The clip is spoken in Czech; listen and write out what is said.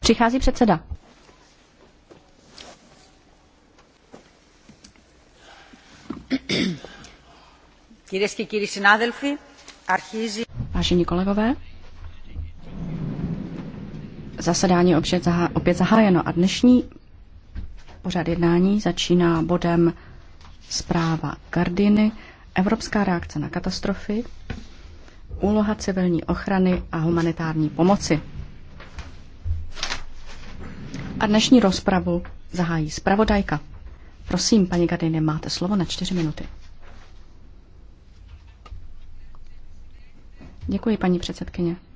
Přichází předseda. Vážení kolegové, zasedání opět, zahá, opět zahájeno a dnešní pořad jednání začíná bodem zpráva Gardiny, Evropská reakce na katastrofy, Úloha civilní ochrany a humanitární pomoci. A dnešní rozpravu zahájí zpravodajka. Prosím, paní Gardiny, máte slovo na čtyři minuty. Děkuji, paní předsedkyně.